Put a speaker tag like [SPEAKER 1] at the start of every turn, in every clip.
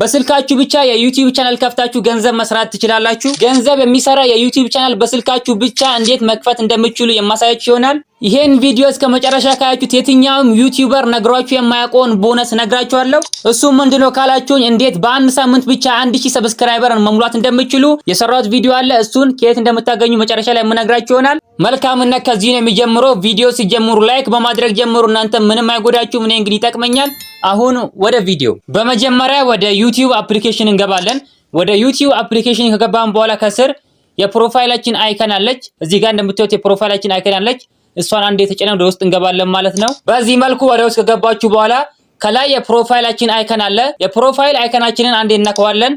[SPEAKER 1] በስልካችሁ ብቻ የዩቲዩብ ቻናል ከፍታችሁ ገንዘብ መስራት ትችላላችሁ። ገንዘብ የሚሰራ የዩቲዩብ ቻናል በስልካችሁ ብቻ እንዴት መክፈት እንደምትችሉ የማሳያችሁ ይሆናል። ይሄን ቪዲዮ እስከ መጨረሻ ካያችሁት የትኛውም ዩቲዩበር ነግሯችሁ የማያውቀውን ቦነስ ነግራችኋለሁ። እሱ ምንድነው ካላችሁኝ እንዴት በአንድ ሳምንት ብቻ አንድ ሺህ ሰብስክራይበርን መሙላት እንደምችሉ የሰራሁት ቪዲዮ አለ። እሱን ከየት እንደምታገኙ መጨረሻ ላይ የምነግራችሁ ይሆናል። መልካምነት ከዚህ ነው የሚጀምረው። ቪዲዮ ሲጀምሩ ላይክ በማድረግ ጀምሩ። እናንተ ምንም አይጎዳችሁም፣ እኔ እንግዲህ ይጠቅመኛል። አሁን ወደ ቪዲዮ በመጀመሪያ ወደ ዩቲዩብ አፕሊኬሽን እንገባለን። ወደ ዩቲዩብ አፕሊኬሽን ከገባን በኋላ ከስር የፕሮፋይላችን አይከን አለች። እዚህ ጋር እንደምታዩት የፕሮፋይላችን አይከን አለች። እሷን አንድ የተጨነ ወደ ውስጥ እንገባለን ማለት ነው። በዚህ መልኩ ወደ ውስጥ ከገባችሁ በኋላ ከላይ የፕሮፋይላችን አይከን አለ። የፕሮፋይል አይከናችንን አንዴ እናከዋለን።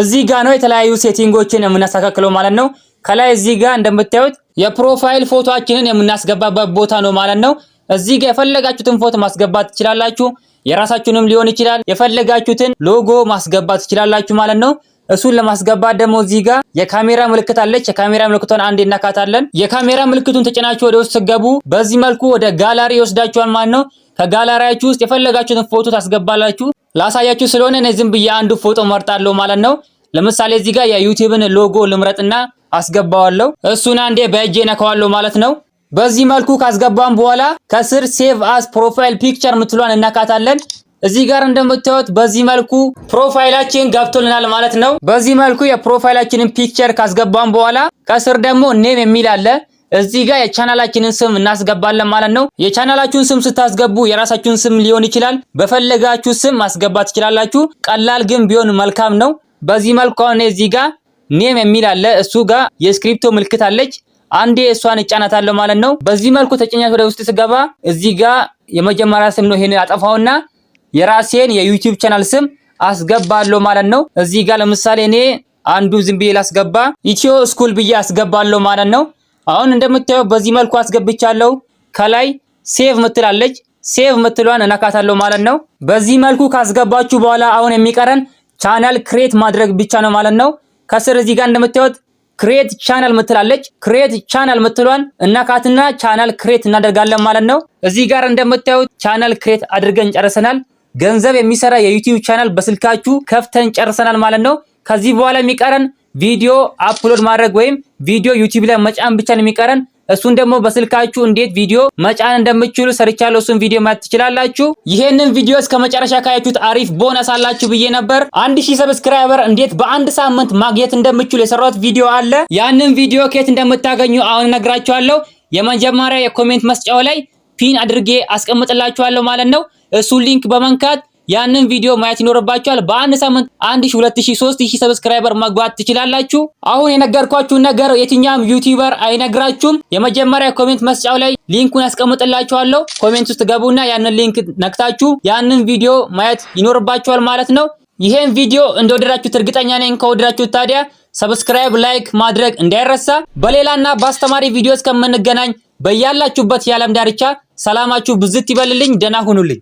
[SPEAKER 1] እዚህ ጋር ነው የተለያዩ ሴቲንጎችን የምናስተካክለው ማለት ነው። ከላይ እዚህ ጋር እንደምታዩት የፕሮፋይል ፎቶአችንን የምናስገባበት ቦታ ነው ማለት ነው። እዚህ ጋር የፈለጋችሁትን ፎቶ ማስገባት ትችላላችሁ። የራሳችሁንም ሊሆን ይችላል የፈለጋችሁትን ሎጎ ማስገባት ትችላላችሁ ማለት ነው። እሱን ለማስገባት ደግሞ እዚህ ጋር የካሜራ ምልክት አለች። የካሜራ ምልክቷን አንዴ እናካታለን። የካሜራ ምልክቱን ተጭናችሁ ወደ ውስጥ ስገቡ በዚህ መልኩ ወደ ጋላሪ ይወስዳችኋል ማለት ነው። ከጋላሪያችሁ ውስጥ የፈለጋችሁትን ፎቶ ታስገባላችሁ። ላሳያችሁ ስለሆነ እኔ ዝም ብዬ አንዱ ፎቶ መርጣለሁ ማለት ነው። ለምሳሌ እዚህ ጋር የዩቲዩብን ሎጎ ልምረጥና አስገባዋለሁ። እሱን አንዴ በእጄ ነከዋለሁ ማለት ነው። በዚህ መልኩ ካስገባን በኋላ ከስር ሴቭ አስ ፕሮፋይል ፒክቸር ምትሏን እናካታለን። እዚህ ጋር እንደምታዩት በዚህ መልኩ ፕሮፋይላችን ገብቶልናል ማለት ነው። በዚህ መልኩ የፕሮፋይላችንን ፒክቸር ካስገባን በኋላ ከስር ደግሞ ኔም የሚል አለ። እዚህ ጋር የቻናላችንን ስም እናስገባለን ማለት ነው። የቻናላችሁን ስም ስታስገቡ የራሳችሁን ስም ሊሆን ይችላል። በፈለጋችሁ ስም ማስገባት ትችላላችሁ። ቀላል ግን ቢሆን መልካም ነው። በዚህ መልኩ አሁን እዚህ ጋር ኔም የሚል አለ። እሱ ጋር የስክሪፕቶ ምልክት አለች። አንዴ እሷን እጫናታለሁ ማለት ነው። በዚህ መልኩ ተጨኛት ወደ ውስጥ ስገባ እዚህ ጋር የመጀመሪያ ስም ነው። ይሄን አጠፋውና የራሴን የዩቲዩብ ቻናል ስም አስገባለሁ ማለት ነው። እዚህ ጋር ለምሳሌ እኔ አንዱ ዝም ብዬ ላስገባ ኢትዮ ስኩል ብዬ አስገባለሁ ማለት ነው። አሁን እንደምታየው በዚህ መልኩ አስገብቻለሁ። ከላይ ሴቭ ምትላለች ሴቭ ምትሏን እነካታለሁ ማለት ነው። በዚህ መልኩ ካስገባችሁ በኋላ አሁን የሚቀረን ቻናል ክሬት ማድረግ ብቻ ነው ማለት ነው። ከስር እዚህ ጋር እንደምታዩት ክሬት ቻናል ምትላለች። ክሬት ቻናል ምትሏን እናካትና ቻናል ክሬት እናደርጋለን ማለት ነው። እዚህ ጋር እንደምታዩት ቻናል ክሬት አድርገን ጨርሰናል። ገንዘብ የሚሰራ የዩቲዩብ ቻናል በስልካችሁ ከፍተን ጨርሰናል ማለት ነው። ከዚህ በኋላ የሚቀረን ቪዲዮ አፕሎድ ማድረግ ወይም ቪዲዮ ዩቲዩብ ላይ መጫን ብቻ ነው የሚቀረን። እሱን ደግሞ በስልካችሁ እንዴት ቪዲዮ መጫን እንደምትችሉ ሰርቻለሁ። እሱን ቪዲዮ ማየት ትችላላችሁ። ይሄንን ቪዲዮ እስከ መጨረሻ ካያችሁት አሪፍ ቦነስ አላችሁ ብዬ ነበር። አንድ ሺህ ሰብስክራይበር እንዴት በአንድ ሳምንት ማግኘት እንደምትችሉ የሰራሁት ቪዲዮ አለ። ያንን ቪዲዮ ከየት እንደምታገኙ አሁን እነግራችኋለሁ። የመጀመሪያ የኮሜንት መስጫው ላይ ፒን አድርጌ አስቀምጥላችኋለሁ ማለት ነው። እሱን ሊንክ በመንካት ያንን ቪዲዮ ማየት ይኖርባችኋል። በአንድ ሳምንት 1000፣ ሰብስክራይበር መግባት ትችላላችሁ። አሁን የነገርኳችሁን ነገር የትኛም ዩቲዩበር አይነግራችሁም። የመጀመሪያ ኮሜንት መስጫው ላይ ሊንኩን ያስቀምጥላችኋለሁ። ኮሜንት ውስጥ ገቡና ያንን ሊንክ ነክታችሁ ያንን ቪዲዮ ማየት ይኖርባችኋል ማለት ነው። ይሄን ቪዲዮ እንደወደዳችሁት እርግጠኛ ነኝ። ከወደዳችሁት ታዲያ ሰብስክራይብ፣ ላይክ ማድረግ እንዳይረሳ። በሌላና በአስተማሪ ቪዲዮ እስከምንገናኝ በያላችሁበት የዓለም ዳርቻ ሰላማችሁ ብዝት ይበልልኝ። ደህና ሁኑልኝ።